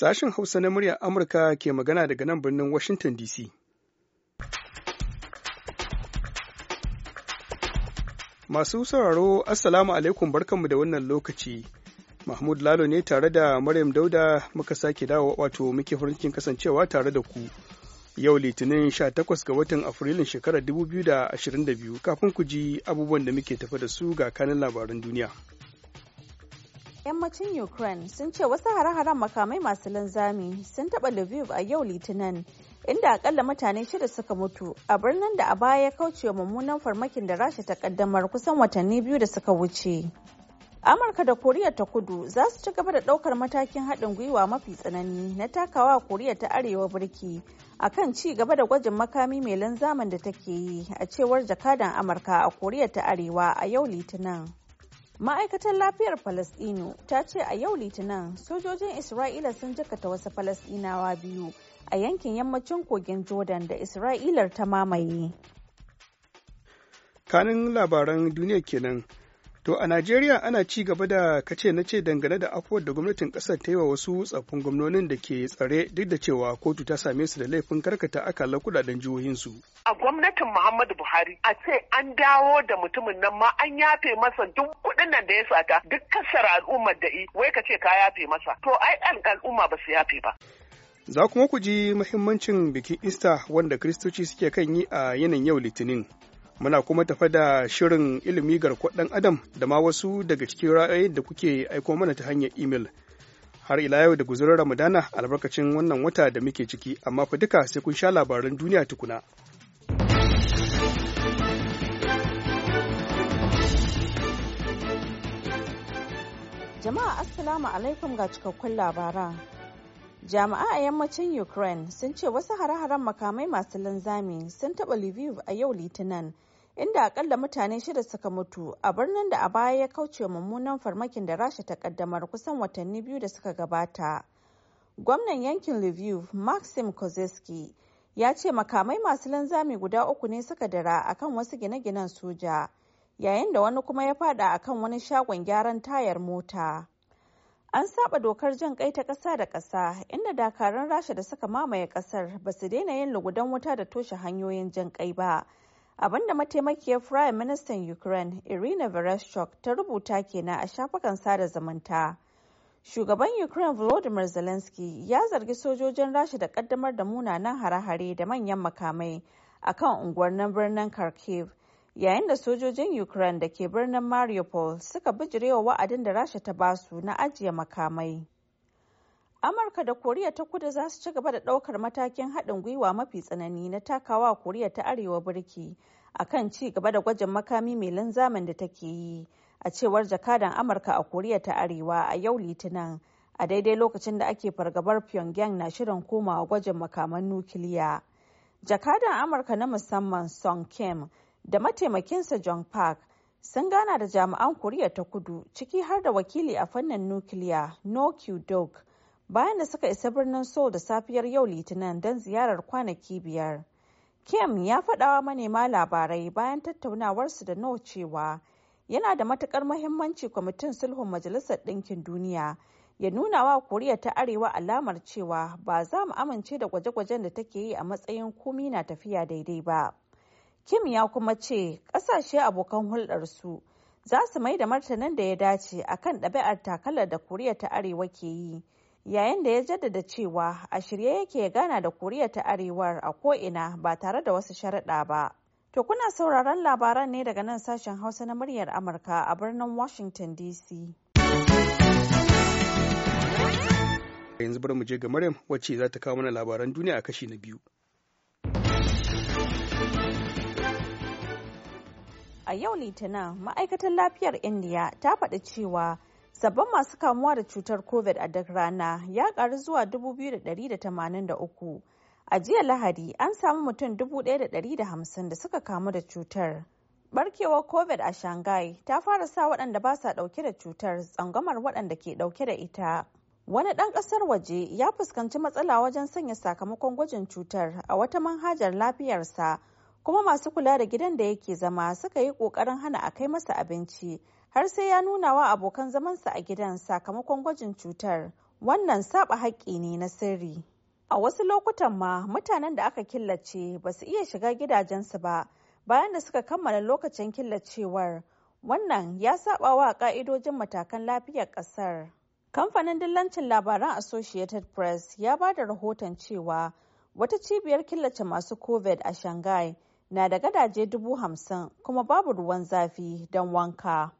Sashen Hausa na muryar Amurka ke magana daga nan birnin Washington DC. Masu sauraro, Assalamu alaikum barkanmu da wannan lokaci. Mahmud Lalo ne tare da Maryam Dauda muka sake dawo wato muke farin kasancewa tare da ku. Yau Litinin 18 ga watan Afrilun shekarar 2022 kafin ku ji abubuwan da muke tafa da su ga kanin labaran duniya. yammacin ukraine sun ce wasu hare-haren makamai masu linzami sun taɓa lviv a yau litinin inda akalla mutane shida suka mutu a birnin da a baya ya kaucewa mummunan farmakin da rasha ta kaddamar kusan watanni biyu da suka wuce amurka da koriya ta kudu za su ci gaba da ɗaukar matakin haɗin gwiwa mafi tsanani na takawa koriya ta arewa birki a kan ci gaba da gwajin makami mai linzamin da take yi a cewar jakadan amurka a koriya ta arewa a yau litinin ma'aikatar lafiyar Falasɗinu ta ce a yau litinin sojojin isra'ila sun jakata wasu Falasɗinawa biyu a yankin yammacin kogin jordan da isra'ilar ta mamaye kanin labaran duniya kenan To a Najeriya ana ci gaba da kace na ce dangane da afuwar da gwamnatin kasar ta yi wa wasu tsaffin gwamnonin da ke tsare duk da cewa kotu ta same su da laifin karkata akalla kudaden su. A gwamnatin Muhammadu Buhari a ce an dawo da mutumin nan ma an yafe masa duk kuɗin nan da ya sata duk kasar al'ummar da i wai ka ce ka yafe masa to ai al'umma ba su yafe ba. Za kuma ku ji muhimmancin bikin Ista wanda Kiristoci suke kan yi a yanayin yau Litinin. muna kuma tafa da shirin ilimi garkuwar ɗan adam da ma wasu daga cikin ra'ayi da kuke aiko mana ta hanyar imel har ila yau da guzurar ramadana albarkacin wannan wata da muke ciki amma fa duka sai kun sha labaran duniya tukuna jama'a assalamu alaikum ga cikakkun labaran jama'a a yammacin ukraine sun ce wasu hare-haren makamai masu linzami sun taɓa lviv a yau litinin inda akalla mutane shida suka mutu a birnin da a baya ya kauce mummunan farmakin da rasha ta kaddamar kusan watanni biyu da suka gabata gwamnan yankin lviv maxim kozeski ya ce makamai masu linzami guda uku ne suka dara akan wasu gine-ginen soja yayin da wani kuma ya fada akan wani shagon gyaran tayar mota an saba dokar jan kai ta kasa da kasa, inda dakarun rasha da suka mamaye kasar ba su daina yin lugudan wuta da toshe hanyoyin jan kai ba Abin da mataimakiyar prime ministan ukraine irina vereshchuk ta rubuta kenan a shafukan sada zumunta shugaban ukraine volodymyr zelensky ya zargi sojojin rasha da kaddamar da munanan hare-hare da manyan makamai a kan nan birnin kharkiv yayin da sojojin ukraine da ke birnin mariupol suka bijirewa wa'adin da rasha ta basu na ajiye makamai Amurka da Koriya ta kudu za su ci gaba da ɗaukar matakin haɗin gwiwa mafi tsanani na takawa Koriya ta Arewa birki a kan ci gaba da gwajin makami mai linzamin da take yi a cewar jakadan Amurka a Koriya ta Arewa a yau Litinin a daidai lokacin da ake fargabar Pyongyang na shirin komawa gwajin makaman nukiliya. Jakadan Amurka na musamman Song Kim da mataimakinsa John Park sun gana da jami'an Koriya ta kudu ciki har da wakili a fannin nukiliya No Kyu bayan da suka isa birnin Seoul da safiyar yau Litinin don ziyarar kwanaki biyar. Kim ya faɗawa manema labarai bayan tattaunawarsu da No cewa yana da matukar muhimmanci kwamitin sulhun Majalisar Ɗinkin Duniya ya nuna wa Koriya ta Arewa alamar cewa ba za mu amince da gwaje-gwajen da take yi a matsayin komi na tafiya daidai ba. Kim ya kuma ce ƙasashe abokan hulɗarsu za su mai da martanin da ya dace akan ɗabi'ar takalar da Koriya ta Arewa ke yi. yayin da ya jaddada cewa a shirye yake gana da koriya ta arewar a ko'ina ba tare da wasu sharaɗa ba to kuna sauraron labaran ne daga nan sashen hausa na muryar amurka a birnin washington dc yanzu bari mu je ga maryam wacce za ta kawo mana labaran duniya a kashi na biyu a yau litinin ma'aikatar lafiyar indiya ta faɗi cewa Sabbin masu kamuwa da cutar COVID a duk rana ya karu zuwa 2,183. A jiya Lahadi an samu mutum 1,150 da suka kamu da cutar. Barkewar COVID a Shanghai ta fara sa waɗanda ba sa ɗauke da cutar tsangamar waɗanda ke ɗauke da ita. Wani ɗan ƙasar waje ya fuskanci matsala wajen sanya sakamakon gwajin cutar a wata manhajar lafiyarsa kuma masu kula da gidan da yake zama suka yi ƙoƙarin hana a kai masa abinci har sai ya nuna wa abokan zamansa a gidan sakamakon gwajin cutar wannan saba haƙƙi ne na sirri a wasu lokutan ma mutanen da aka killace ba su iya shiga gidajensu ba bayan da suka kammala lokacin killacewar wannan ya saba wa ka'idojin matakan lafiyar ƙasar kamfanin dillancin labaran associated press ya ba da rahoton cewa wata cibiyar killace masu covid a shanghai na da gadaje dubu hamsin kuma babu ruwan zafi don wanka.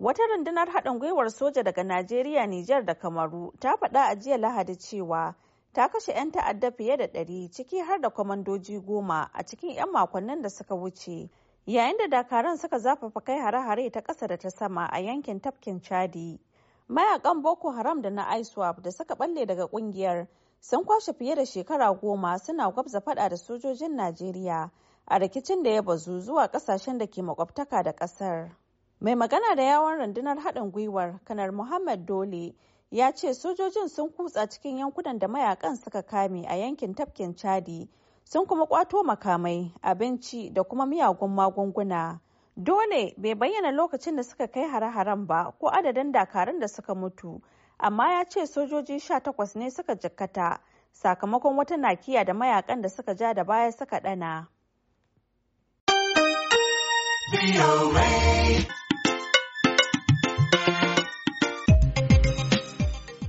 Wata rundunar haɗin gwiwar soja daga Najeriya, Nijar da Kamaru ta faɗa a jiya Lahadi cewa ta kashe 'yan ta'adda fiye da ɗari ciki har da kwamandoji goma a cikin 'yan makonnin da suka wuce. Yayin da dakaran suka zafafa kai hare-hare ta ƙasa da ta sama a yankin tafkin Chadi. Mayakan Boko Haram da na ISWAP da suka balle daga ƙungiyar sun kwashe fiye da shekara goma suna gwabza faɗa da sojojin Najeriya a rikicin da ya bazu zuwa kasashen da ke makwabtaka da kasar. Mai magana da yawon rundunar haɗin gwiwar kanar Muhammad Dole ya ce sojojin sun kutsa cikin yankunan da mayakan suka kame a yankin tafkin Chadi sun kuma kwato makamai, abinci da kuma miyagun magunguna. Dole bai bayyana lokacin da suka kai hare-haren ba ko adadin dakarun da suka mutu, amma ya ce sojoji sha takwas ne suka jikkata sakamakon wata nakiya da mayakan da suka ja da baya suka ɗana.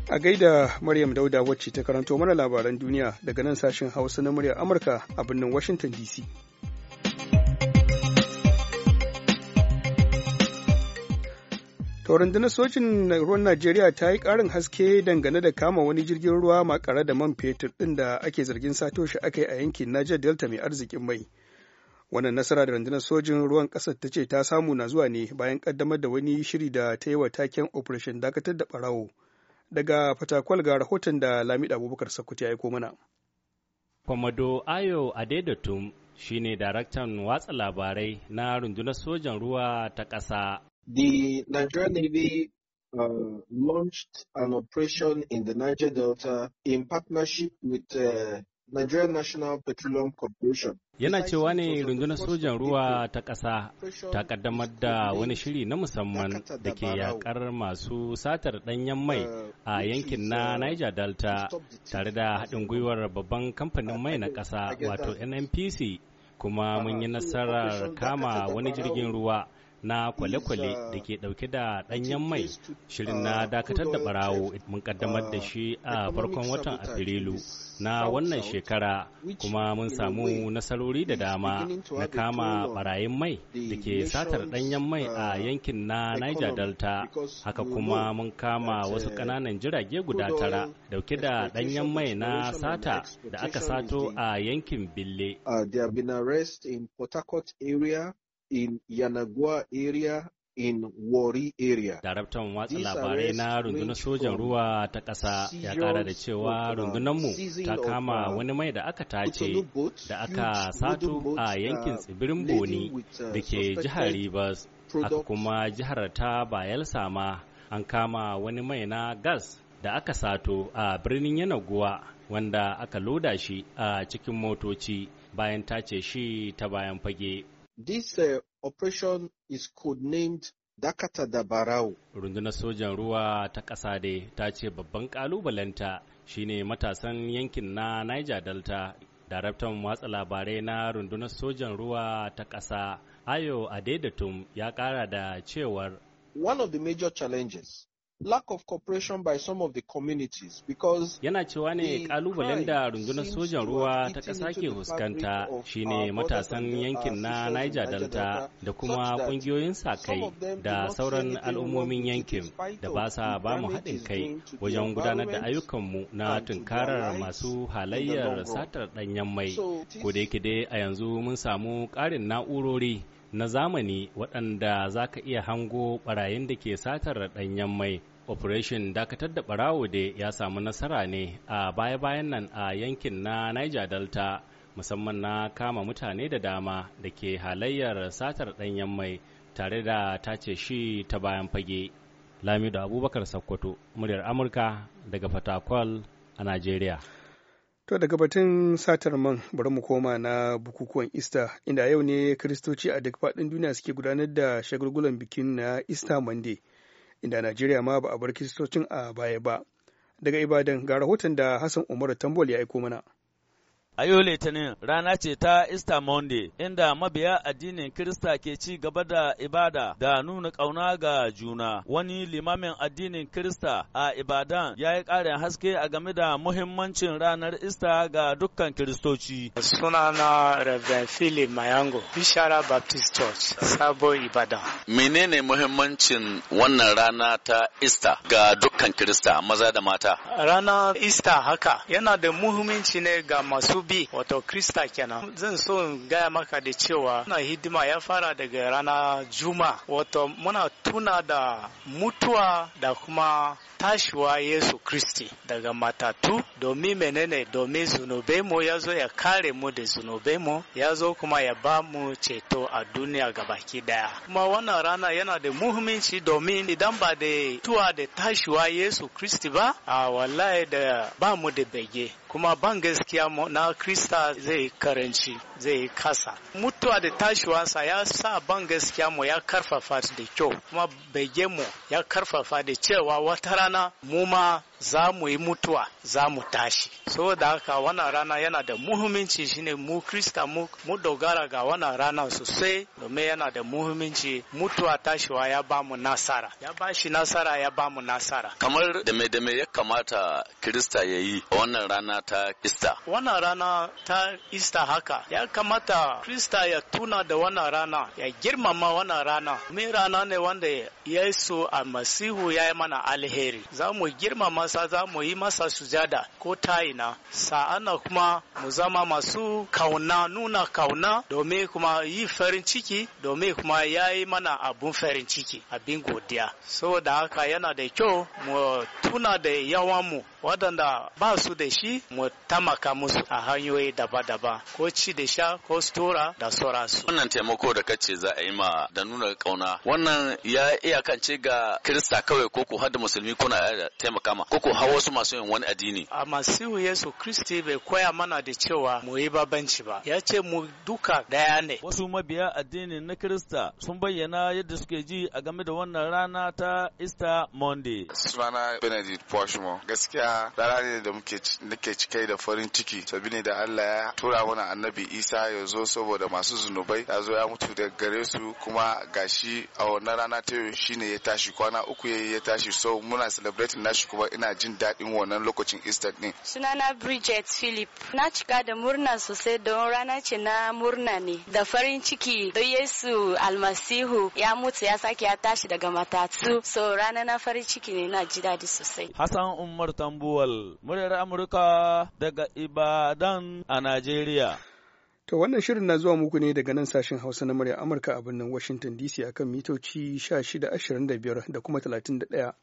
A gaida Maryam Dauda wacce ta karanto mana labaran duniya daga nan sashen Hausa na muryar Amurka a birnin Washington DC. rundunar sojin ruwan najeriya ta yi ƙarin haske dangane da kama wani jirgin ruwa makare da man fetur ɗin da ake zargin sato shi aka yi a yankin niger delta mai arzikin mai wannan nasara da rundunar sojin ruwan ƙasar ta ce ta samu na zuwa ne bayan ƙaddamar da wani shiri da ta yi wa taken operation dakatar da ɓarawo daga fatakwal ga rahoton da lamida abubakar sakuti ya aiko mana kwamado ayo shi shine daraktan watsa labarai na rundunar sojan ruwa ta ƙasa The Nigerian Navy uh, launched an operation in the Niger Delta in partnership with uh, Nigerian National Petroleum Corporation. Yana cewa ne rundunar sojan ruwa ta ƙasa ta kaddamar da wani shiri na musamman da ke yaƙar masu satar ɗanyen mai a yankin na Niger Delta tare da haɗin gwiwar babban kamfanin mai na ƙasa wato NNPC kuma mun yi nasarar kama wani jirgin ruwa. na kwale-kwale da ke dauke da danyen mai shirin na dakatar da barawo mun kaddamar da shi a farkon watan afrilu na wannan shekara kuma mun samu nasarori da dama na kama barayin mai da ke satar danyen mai a yankin na niger delta haka kuma mun kama wasu kananan jirage guda tara dauke da danyen mai na sata da aka sato a yankin bille. Uh, in Yanagua area in Wari area. Daraktan watsa labarai na rundunar sojan ruwa ta ƙasa ya ƙara da cewa rundunarmu ta kama uh, wani mai da aka tace da aka sato a uh, yankin tsibirin Boni uh, da ke jihar Rivers, aka kuma jihar ta Bayelsa ma an kama wani mai na gas da aka sato a birnin Yanaguwa wanda aka loda shi a cikin motoci bayan tace shi ta bayan fage. This uh, operation is codenamed Dakata da Barau. Rundunar sojan ruwa ta ƙasa dai ta ce babban ƙalubalenta shine matasan yankin na Niger Delta. Daraktan watsa labarai na rundunar sojan ruwa ta ƙasa Ayo Adedatum ya ƙara da cewar One of the major challenges lack of cooperation by some of the communities because yana cewa ne kalubalen da rundunar sojan ruwa ta ƙasa ke fuskanta shine matasan yankin na Niger Delta da kuma ƙungiyoyin sa-kai da sauran al'ummomin yankin da ba sa ba mu haɗin kai wajen gudanar da ayyukanmu na tunkarar masu halayyar satar ɗanyen mai ko da dai a yanzu mun samu ƙarin na'urori na zamani waɗanda za ka iya hango ɓarayin da ke satar ɗanyen mai operation dakatar da barawo da ya samu nasara ne a baya-bayan nan a yankin na niger delta musamman na kama mutane da dama da ke halayyar satar ɗanyen mai tare da tace shi ta bayan fage lami da abubakar sakkwato muryar amurka daga fatakwal a nigeria To daga batun satar man bari mu koma na bukukuwan Easter inda yau ne Kiristoci a duk faɗin duniya suke gudanar da shagulgulan bikin na Easter Monday. inda Najeriya ma ba a bar kiristocin a baya ba. Daga Ibadan ga rahoton da Hassan Umaru Tambol ya aiko mana. A yau Litinin rana ce ta Easter Monday inda mabiya addinin Kirista ke ci gaba da ibada da nuna ƙauna ga juna. Wani limamin addinin Kirista a Ibadan ya yi ƙarin haske a game da muhimmancin ranar Easter ga dukkan Kiristoci. Sunana Reverend Philip Mayango, Bishara Baptist Church, Sabo Ibadan. Menene muhimmancin wannan rana ta Easter ga dukkan Kirista maza da mata? Rana Easter haka yana da muhimmanci ne ga masu bi wato krista kenan zan so in gaya maka da cewa na hidima ya fara daga rana juma wato muna tuna da mutuwa da kuma tashiwa Yesu Kristi daga matatu domin menene domin zunube mu ya zo ya kare mu da zunube mu ya zo kuma ya ba mu ceto a duniya gabaki daya kuma wannan rana yana da muhimmanci domin idan ba da tuwa da tashiwa Yesu Kristi ba a wallahi da ba mu da bege kuma ban gaskiya na krista zai karanci zai kasa mutuwa da tashiwansa ya sa ban gaskiya mu ya karfafa da kyau kuma bege mu ya karfafa da cewa wata rana mu ma za mu yi mutuwa za mu tashi saboda haka wannan rana yana da muhimmanci shine mu krista mu dogara ga wannan rana sosai domin yana da muhimmanci mutuwa tashiwa ya ba mu nasara ya ba shi nasara ya ba mu nasara kamar da me da ya kamata krista ya yi wannan rana ta ista wannan rana ta ista haka ya kamata krista ya tuna da wannan rana ya girmama wannan rana min rana ne wanda yesu a masihu ya yi mana alheri za mu girmama ƙasa za mu yi masa sujada ko ta'ina sa'ana kuma mu zama masu kauna nuna kauna domin kuma yi farin ciki domin kuma ya yi mana abun farin ciki abin godiya saboda haka yana da kyau mu tuna da mu waɗanda ba su da shi mu tamaka musu a hanyoyi daba-daba ko ci da sha ko stora da sauransu. Wannan taimako da kace za a yi ma da nuna kauna wannan ya iyakance ga Kirista kawai ko ku hada musulmi kuna taimaka ma ko koko hawa wasu masu yin wani addini a masihu yesu kristi bai koya mana da cewa mu yi babanci ba ya ce mu duka daya ne wasu mabiya addini na krista sun bayyana yadda suke ji a game da wannan rana ta easter monday sunana benedict poshmo gaskiya rana ne da muke nake cikai da farin ciki ne da allah ya tura mana annabi isa ya zo saboda masu zunubai ya zo ya mutu da gare su kuma gashi a wannan rana ta yau shine ya tashi kwana uku ya tashi so muna celebrating nashi kuma ina ina jin daɗin wannan lokacin Easter din. Sunana Bridget Philip. Na cika da murna sosai don rana ce na murna ne. Da farin ciki don Yesu almasihu ya mutu ya sake ya tashi daga matatu. So rana na farin ciki ne na ji daɗi sosai. Hassan Umar Tambuwal, muryar Amurka daga Ibadan a Najeriya. To wannan shirin na zuwa muku ne daga nan sashen Hausa na murya Amurka a birnin Washington DC akan mitoci 1625 da kuma 31.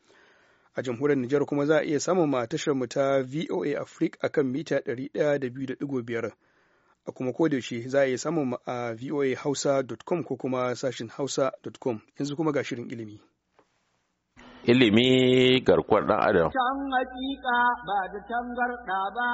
a jamhuriyar Nijar kuma za a iya samun ma tashar mu ta VOA Africa akan mita 102.5 a kuma ko kodayaushe za a iya samun ma a voahausa.com ko kuma sashin hausa.com yanzu kuma ga shirin ilimi. Ilimi garkuwar ɗan adam. Can hakika ba da tangarɗa ba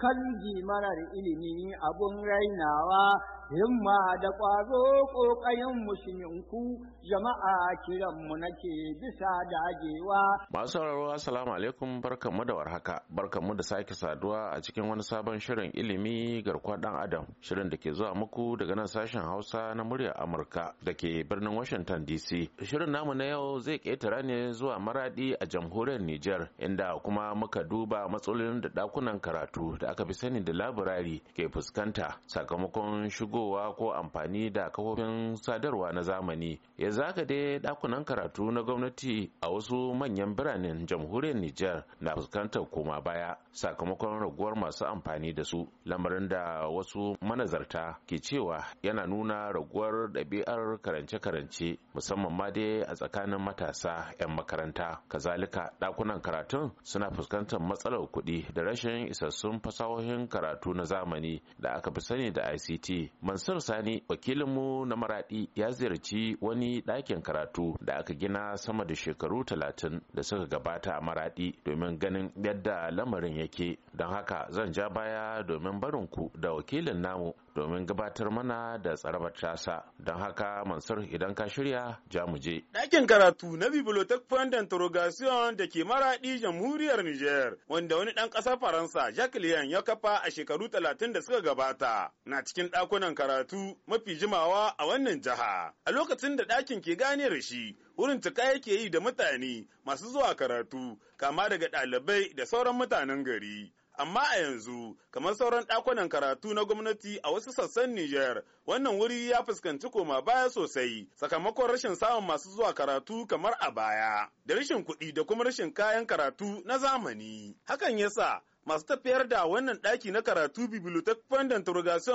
kan marar ilimi abun rainawa himma da ƙwazo ƙoƙayenmu shiminku jama'a kiranmu nake bisa dagewa. Masu sauraro assalamu alaikum barkanmu da warhaka barkanmu da sake saduwa a cikin wani sabon shirin ilimi garkuwa ɗan adam shirin da ke zuwa muku daga nan sashen hausa na muryar amurka da ke birnin washington dc shirin namu na yau zai ƙetara ne zuwa maraɗi a jamhuriyar Nijar, inda kuma muka duba matsalolin da ɗakunan karatu da aka fi sani da labirari ke fuskanta sakamakon shigo shigowa ko amfani da kafofin sadarwa na zamani ya zaka dai dakunan karatu na gwamnati a wasu manyan biranen jamhuriyar Nijar na fuskantar koma baya sakamakon raguwar masu amfani da su lamarin da wasu manazarta ke cewa yana nuna raguwar ɗabi'ar karance-karance musamman ma dai a tsakanin matasa 'yan makaranta kazalika dakunan karatun suna fuskantar matsalar kuɗi da rashin isassun fasahohin karatu na zamani da aka fi sani da ICT Mansur Sani wakilinmu na Maradi ya ziyarci wani ɗakin karatu da aka gina sama da shekaru talatin da suka gabata a Maradi domin ganin yadda lamarin yake. Don haka zan ja baya domin barinku da wakilin namu domin gabatar mana da tsarabar tasa don haka mansur idan ka shirya ja mu je ɗakin karatu na bibliothèque point d'interrogation da ke maraɗi jamhuriyar niger wanda wani ɗan ƙasar faransa jacques lyon ya kafa a shekaru talatin da suka gabata na cikin ɗakunan karatu mafi jimawa a wannan jiha a lokacin da ɗakin ke gane da shi wurin cika yake yi da mutane masu zuwa karatu kama daga ɗalibai da sauran mutanen gari amma a yanzu kamar sauran ɗakunan karatu na gwamnati a wasu sassan Nijar wannan wuri ya fuskanci koma baya sosai sakamakon rashin samun masu zuwa karatu kamar a baya da rashin kuɗi da kuma rashin kayan karatu na zamani hakan yasa masu tafiyar da wannan ɗaki na karatu bibliotheque point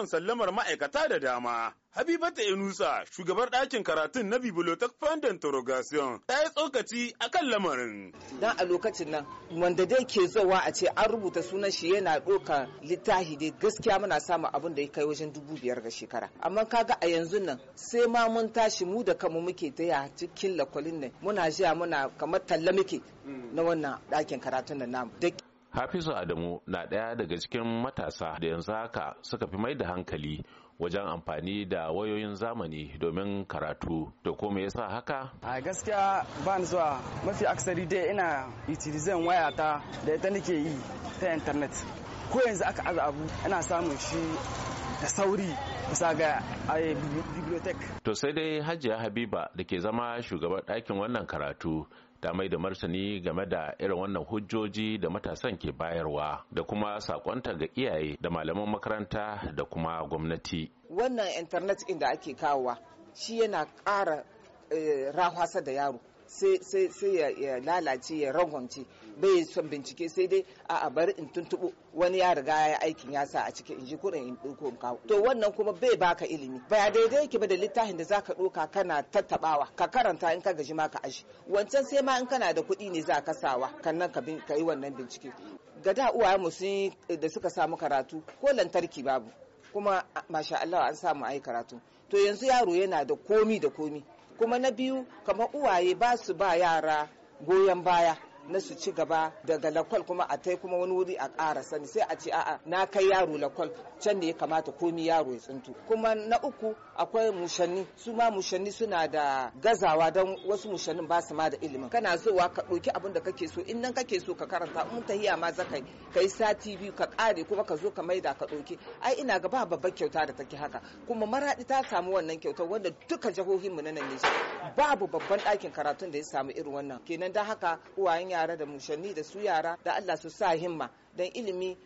sallamar ma'aikata da dama. Habibata Enusa, shugabar ɗakin karatun na Bibliotheque Fund Interrogation, ta yi tsokaci a kan lamarin. Dan a lokacin nan, wanda dai ke zowa a ce an rubuta sunan shi yana ɗoka littahi dai gaskiya muna samun abin da ya kai wajen dubu biyar ga shekara. Amma kaga a yanzu nan sai ma mun tashi mu da kanmu muke taya cikin lakwalin nan muna jiya muna kamar talla muke hmm. na wannan ɗakin karatun da namu. Hafizu Adamu na ɗaya daga cikin matasa da yanzu haka suka fi mai da hankali wajen amfani da wayoyin zamani domin karatu da kuma ya sa haka? A gaskiya ban zuwa mafi aksari dai ina waya wayata da ita nake yi ta intanet. Ko yanzu aka aza abu ina samun shi da sauri bisa ga eh, bibliotek. To sai dai Hajiya Habiba da ke zama shugaban ɗakin wannan karatu ta mai da martani game da irin wannan hujjoji da matasan ke bayarwa da kuma sakonta ga iyaye da malaman makaranta da kuma gwamnati wannan intanet ɗin da ake kawowa shi yana ƙara eh, rahwasa da yaro sai ya lalace ya rangwamce bai son bincike sai dai a bari in tuntubo wani ya riga ya aikin ya sa a cikin in ji kuɗin in ɗauko in kawo to wannan kuma bai baka ilimi ba daidai yake ba da littafin da zaka ɗauka kana tattabawa ka karanta in ka gaji ma ka ashi wancan sai ma in kana da kuɗi ne za ka sawa kannan ka yi wannan bincike ga da mu sun da suka samu karatu ko lantarki babu kuma masha Allah an samu ai karatu to yanzu yaro yana da komi da komi kuma na biyu kamar uwaye ba su ba yara goyon baya na su ci gaba daga lakwal kuma a tai kuma wani wuri a ƙara sani sai a ce a'a na kai yaro lakwal can ne ya kamata komi yaro ya tsintu kuma na uku akwai mushanni su ma mushanni suna da gazawa don wasu mushannin ba su ma da ilimin kana zuwa ka ɗauki abin da kake so in nan kake so ka karanta in hiya ma ka yi sati biyu ka ƙare kuma ka zo ka maida ka ɗauki ai ina ga ba babbar kyauta da take haka kuma maraɗi ta samu wannan kyautar wanda duka jihohinmu na nan ne babu babban ɗakin karatun da ya samu irin wannan kenan da haka uwayen yara da mushanni da su yara da Allah su sa himma don ilimi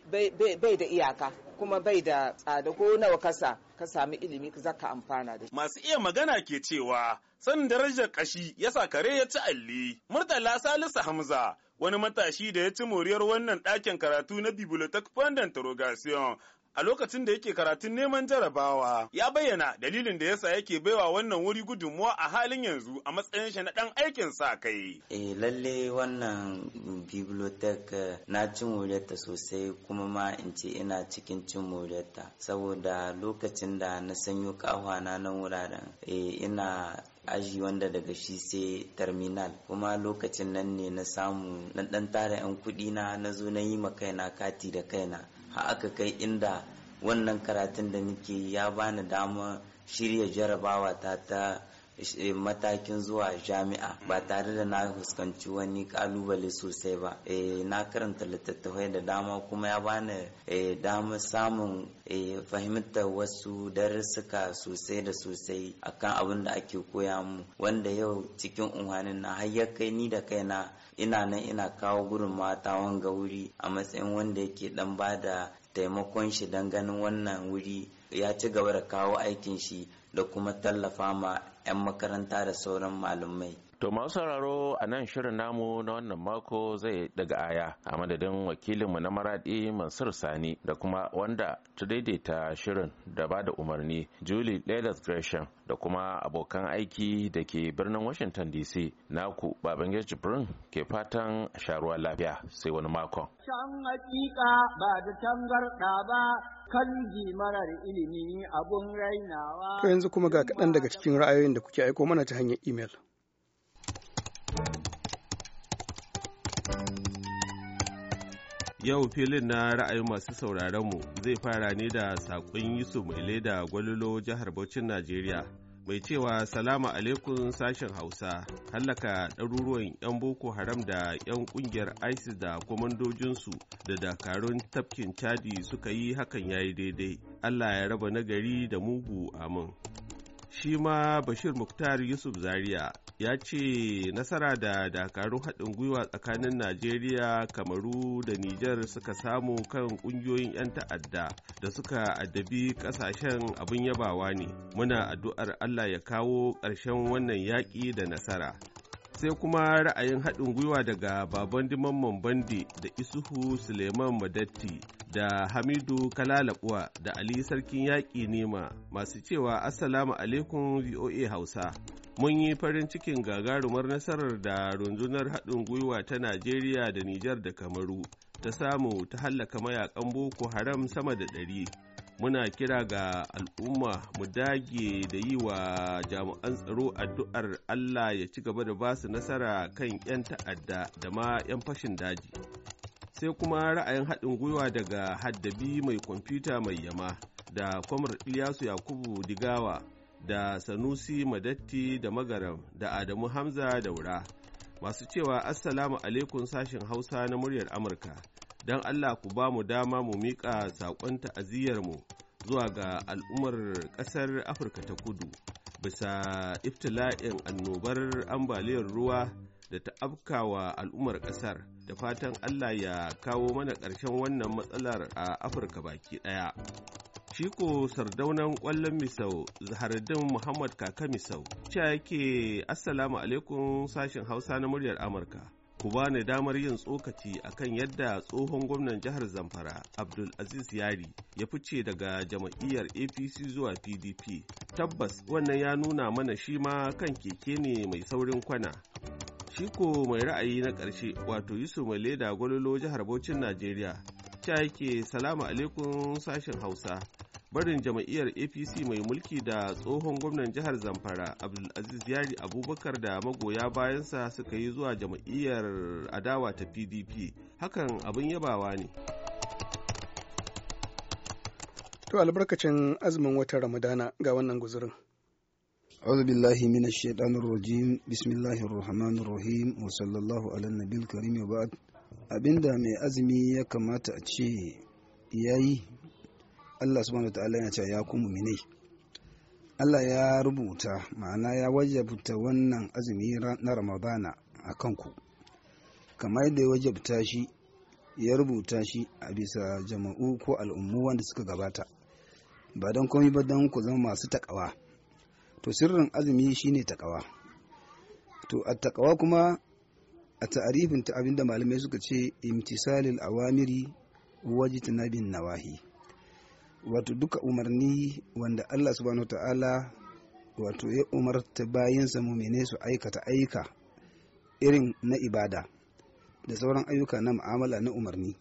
bai da iyaka kuma bai da tsada ko nawa kasa ka sami ilimi za ka amfana da shi. Masu iya magana ke cewa san darajar kashi ya sa kare ya ci alli. Murtala Salisu Hamza wani matashi da ya ci moriyar wannan ɗakin karatu na Bibliotheque Fondant Rogation a lokacin da yake karatun neman jarabawa ya bayyana dalilin da yasa yake baiwa wannan wuri gudunmuwa a halin yanzu a matsayin shi na dan aikin sa kai eh lalle wannan bibliotheque eh, na cin moriyarta sosai kuma ma in ce ina cikin cin moriyarta saboda lokacin da na sanyo kahwana na wuraren eh ina aji wanda daga shi sai terminal kuma lokacin nan ne na samu na dan tara yan kuɗi na na zo na yi ma kaina kati da kaina aka kai inda wannan karatun da nake ya bani dama shirya jarabawa ta ta eh, matakin zuwa jami'a ba tare da na fuskanci wani kalubale sosai ba eh, na karanta littattafai da dama kuma ya bani eh, dama samun fahimtar wasu darussuka sosai da sosai akan abin da ake koya mu wanda yau cikin unhanin na har ya kai ni da kaina ina nan ina kawo gurin mata wanga wuri a matsayin wanda yake dan da taimakon shi don ganin wannan wuri ya ci gaba da kawo aikin shi da kuma tallafa ma 'yan makaranta da sauran malamai To masu sauraro a nan shirin namu na wannan mako zai daga aya a madadin wakilinmu na maradi Mansur Sani da kuma wanda ta daidaita shirin da ba da umarni Julie da Gresham da kuma abokan aiki da ke birnin Washington DC naku Babangir Jibrin ke fatan sharuwa lafiya sai wani makon. Can hakika ba da tangarda ba kan marar ilimi abun rainawa. To yanzu kuma ga kaɗan daga cikin ra'ayoyin da kuke aiko mana ta hanyar imel. Yau filin na ra'ayin masu mu zai fara ne da saƙon Yusuf mai leda gwalolo jihar Bauchin Najeriya. Mai cewa salama alaikum sashen Hausa, hallaka ɗaruruwan 'yan Boko Haram da 'yan ƙungiyar ISIS da kwamandojinsu da dakarun tafkin Chadi suka yi hakan ya yi daidai. Allah ya raba nagari da mugu amin. shi ma bashir muktar yusuf zaria ya ce nasara da dakarun haɗin gwiwa tsakanin najeriya kamaru da nijar suka samu kan ƙungiyoyin 'yan ta'adda da suka addabi ƙasashen abin yabawa ne muna addu'ar allah ya kawo ƙarshen wannan yaƙi da nasara sai kuma ra'ayin haɗin gwiwa daga baban dimamman bandi da isuhu suleiman madatti da hamidu kalalakuwa da ali sarkin yaƙi nema masu cewa assalamu alaikum voa hausa mun yi farin cikin gagarumar nasarar da rundunar haɗin gwiwa ta najeriya da nijar da kamaru ta samu ta hallaka mayakan boko haram sama da ɗari muna kira ga al'umma mu dage da yi wa jami'an tsaro addu'ar Allah ya ci gaba da ba su nasara kan 'yan ta'adda da ma 'yan fashin daji. Sai kuma ra'ayin haɗin gwiwa daga haddabi mai kwamfuta mai yama da kwamar Ilyasu Yakubu Digawa da Sanusi Madatti da Magaram da Adamu Hamza da Wura masu cewa Assalamu alaikum sashen Hausa na muryar Amurka. don Allah ku ba mu dama mu miƙa saƙon mu zuwa ga al'ummar ƙasar Afirka ta kudu bisa iftila'in annobar ambaliyar ruwa da ta afkawa al'ummar ƙasar da fatan Allah ya kawo mana ƙarshen wannan matsalar a Afirka baki ɗaya. Shiko sardaunan ƙwallon Misau, Zahardin Muhammad Kaka Misau, cewa yake Assalamu alaikum sashen Hausa na muryar Amurka. ku ba ni damar yin tsokaci akan yadda tsohon gwamnan jihar zamfara Abdulaziz yari ya fice daga jama'iyyar apc zuwa pdp tabbas wannan ya nuna mana shi ma kan keke ne mai saurin kwana shi ko mai ra'ayi na ƙarshe wato yusuf mai leda gwalolo jihar bauchin najeriya ca yake salamu alaikum sashen hausa barin jam'iyyar apc mai mulki da tsohon gwamnan jihar zamfara abdulaziz yari abubakar da magoya bayansa suka yi zuwa jam'iyyar adawa ta pdp hakan abin yabawa ne to albarkacin azumin watan ramadana ga wannan guzurin أعوذ بالله من الشيطان الرجيم بسم الله الرحمن الرحيم وصلى الله على النبي الكريم وبعد abinda mai azumi ya kamata a ce ya Allah subhanahu ta'ala yana cewa ya ku Allah ya rubuta ma'ana ya wajabta wannan azumi na Ramadana a kanku kamar yadda ya wajabta shi ya rubuta shi a bisa jama'u ko al'ummu wanda suka gabata ba don komai ba don ku zama masu takawa to sirrin azumi shine takawa to a takawa kuma a ta'arifin ta abinda malamai suka ce imtisalil awamiri wajitnabin nawahi wato duka umarni wanda Allah subhanahu ta'ala wato ya umarta bayansa mene su aikata aika irin na ibada da sauran ayyuka na mu'amala na umarni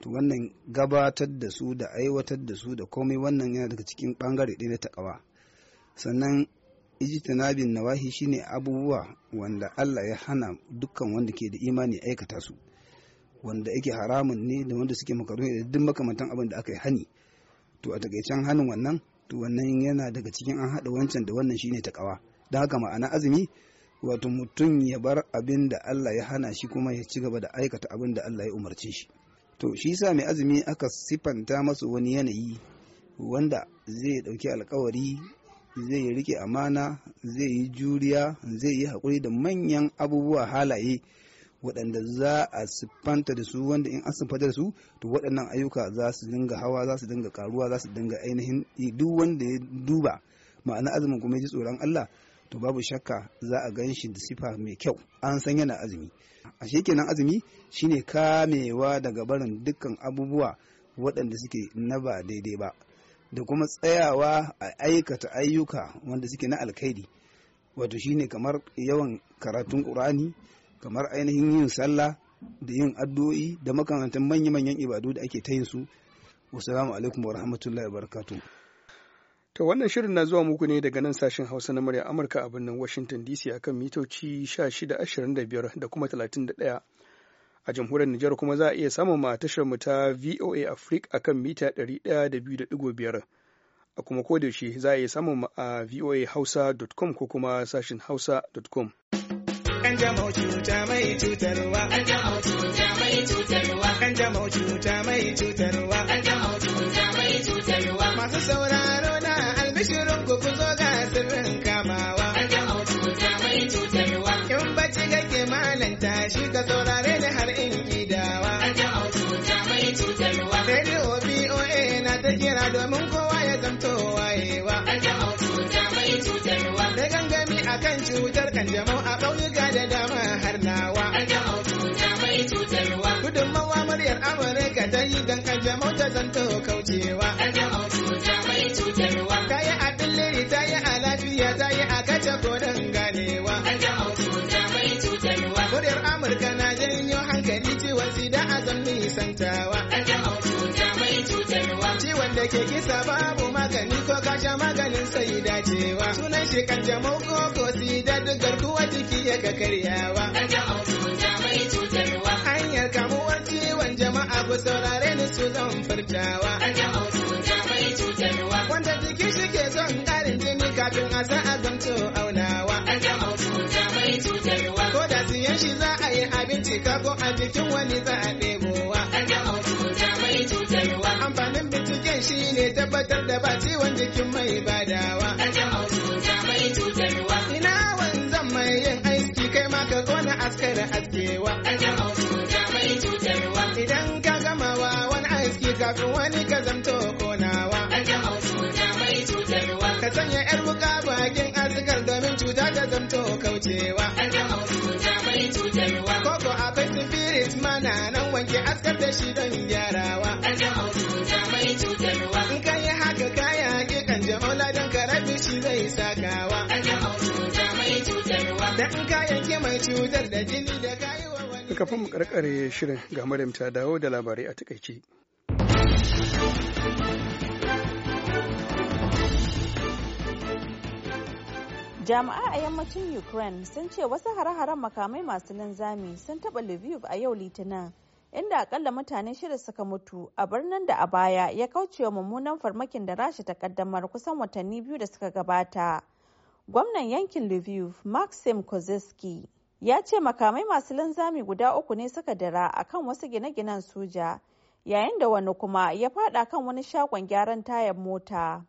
to wannan gabatar da su da aiwatar da su da komai wannan yana daga cikin bangare ɗaya na takawa sannan ijtinabin nawahi shine abubuwa wanda Allah ya hana dukkan wanda ke da imani aikata su wanda yake haramun ne da wanda suke makaruni da duk makamantan abin da aka yi hani to a takaicen hannun wannan to wannan yana daga cikin an haɗa wancan da wannan shine takawa da haka ma'ana azumi wato mutum ya bar abin da Allah ya hana shi kuma ya ci gaba da aikata abin da Allah ya umarce shi to shi yasa mai azumi aka sifanta masa wani yanayi wanda zai ɗauki alkawari zai yi rike amana zai yi juriya zai yi haƙuri da manyan abubuwa halaye waɗanda za a siffanta da su wanda in an siffanta da su to waɗannan ayyuka za su dinga hawa za su dinga karuwa za su dinga ainihin duk wanda ya duba ma'ana azumin kuma ji tsoron Allah to babu shakka za a gan shi da sifa mai kyau an san yana azumi a kenan azumi shine kamewa daga barin dukkan abubuwa waɗanda suke na ba daidai ba da kuma tsayawa a aikata ayyuka wanda suke na alkhairi wato shine kamar yawan karatun ƙur'ani kamar ainihin yin sallah da yin addu'o'i da makamantan manyan manyan ibadu da ake ta yin su wasalamu alaikum wa rahmatullahi wa to wannan shirin na zuwa muku ne daga nan sashen hausa na murya amurka a birnin washington dc akan mitoci 1625 da kuma 31 a jamhuriyar nijar kuma za a iya samun ma tashar mu ta voa africa akan mita 102.5 a kuma kodayaushe za a iya samun ma a voahausa.com ko kuma sashin hausa.com kanjamau cuta mai cutarwa kanjamau cuta mai cutarwa kanjamau cuta mai cutarwa kanjamau cuta mai cutarwa masu sauraro na albishirin ku ku zo ga sirrin kamawa kanjamau cuta mai cutarwa in bacci kake malanta shi ka saurare ni har in gidawa kanjamau cuta mai cutarwa radio BOA na ta kira domin ko a kan cutar kanjamau a ƙauyuka da dama har nawa. Gudunmawa muryar Amurka ta yi don kanjamau ta zanto kaucewa. cuta mai Ta yi a billiri ta yi a lafiya ta yi a kace koren ganewa. Muryar Amurka na janyo hankali cewa sida a zan nisantawa. Ciwon da ke kisa babu magani ko kasha maganin sai dacewa. ce kanjamau ko gosi da duk garkuwa jiki ya ga karyawa. cutarwa. Hanyar kamuwar ciwon jama'a ku saurare ni su zan furtawa. cutarwa. Wanda jiki shi ke son ƙarin jini kafin a sa a zamto aunawa. Kanjamau cutarwa. Ko da siyan shi za a yi abinci kako a jikin wani za a ɗebo. shi ne tabbatar da ba ciwon jikin mai badawa. Ƙanjamau cuta mai cutarwa. Ina wanzan mai yin aiki kai ma ka kona askar askewa. cuta mai cutarwa. Idan ka wa wani aiki kafin wani ka zamto konawa. cuta mai cutarwa. Ka sanya 'yar wuka bakin askar domin cuta ta zamto kaucewa. Ƙanjamau cuta mai cutarwa. Koko akwai spirit mana nan wanke askar da shi don gyarawa. cutarwa in ka yi haka kaya hakikan jama'ula don karabi shi zai sakawa a jama'u cuta mai cutarwa da in ka yanke mai cutar da jini da kayi wa wani kafin mu karkare shirin ga Maryam ta dawo da labarai a takaice jami'a a yammacin ukraine sun ce wasu hare-haren makamai masu linzami sun taɓa lviv a yau litinin inda akalla mutane shida suka mutu a birnin da a baya ya kaucewa mummunan farmakin da rasha ta kaddamar kusan watanni biyu da suka gabata. Gwamnan yankin Lviv, Maxim Kozeski, ya ce makamai masu linzami guda uku ne suka dira akan wasu gine-ginen soja, yayin da wani kuma ya fada kan wani shagon gyaran tayar mota.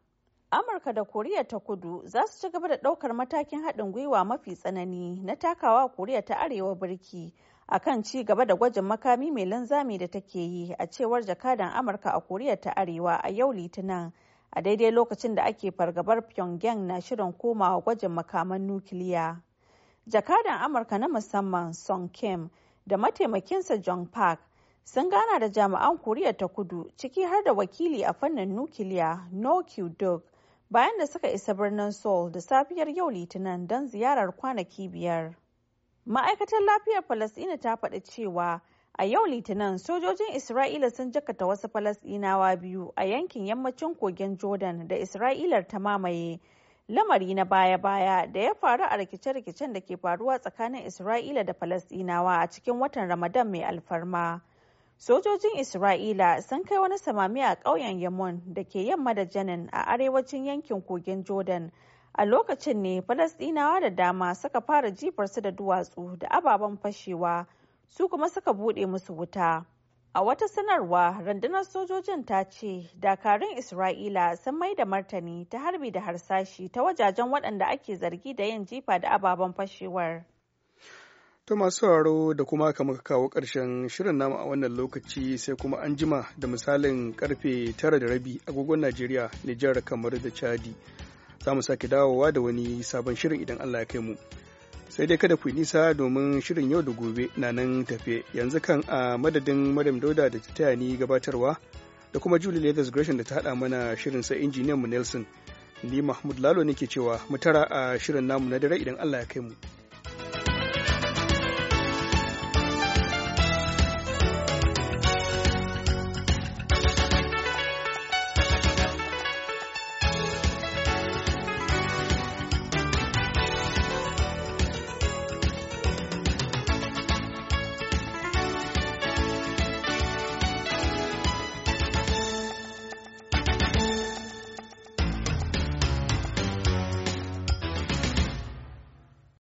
Amurka da Koriya ta kudu za su ci gaba da ɗaukar matakin haɗin gwiwa mafi tsanani na takawa Koriya ta Arewa birki akan ci gaba da gwajin makami mai linzami da take yi a cewar jakadan amurka a koriya ta arewa a yau litinin a daidai lokacin da ake fargabar pyongyang na shirin komawa gwajin makaman nukiliya jakadan amurka na musamman son kim da mataimakinsa john park sun gana da jami'an koriya ta kudu ciki har da wakili a fannin nukiliya no duk bayan da suka isa birnin seoul da safiyar yau litinin don ziyarar kwanaki biyar Ma'aikatar lafiyar Falasɗina ta faɗi cewa a yau Litinin sojojin Isra'ila sun jakata wasu Falasɗinawa biyu a yankin yammacin kogin Jordan da Isra'ilar ta mamaye. Lamari na baya-baya da ya faru a rikice-rikicen da ke faruwa tsakanin Isra'ila da Falasɗinawa a cikin watan Ramadan mai alfarma. Sojojin Isra'ila sun kai wani samami a ƙauyen Yamon da ke yamma da Janin a arewacin yankin kogin Jordan a lokacin ne falasɗinawa da dama suka fara jifar su da duwatsu da ababen fashewa su kuma suka buɗe musu wuta a wata sanarwa rundunar sojojin ta ce dakarun isra'ila sun mai da martani ta harbi da harsashi ta wajajen waɗanda ake zargi da yin jifa da ababen fashewar ta masu sauraro da kuma ka kawo ƙarshen shirin nama a wannan lokaci sai kuma an jima da misalin karfe tara da rabi agogon Najeriya, Nijar, kamar da Chadi. za mu sake dawowa da wani sabon shirin idan Allah ya kai mu sai dai kada ku yi nisa domin shirin yau da gobe na nan tafe yanzu kan a madadin Maryam Dauda da ta taya ni gabatarwa da kuma Julie Leathers Gresham da ta haɗa mana shirin sai injiniyan mu Nelson ni Mahmud Lalo nake cewa mu tara a shirin namu na dare idan Allah ya kai mu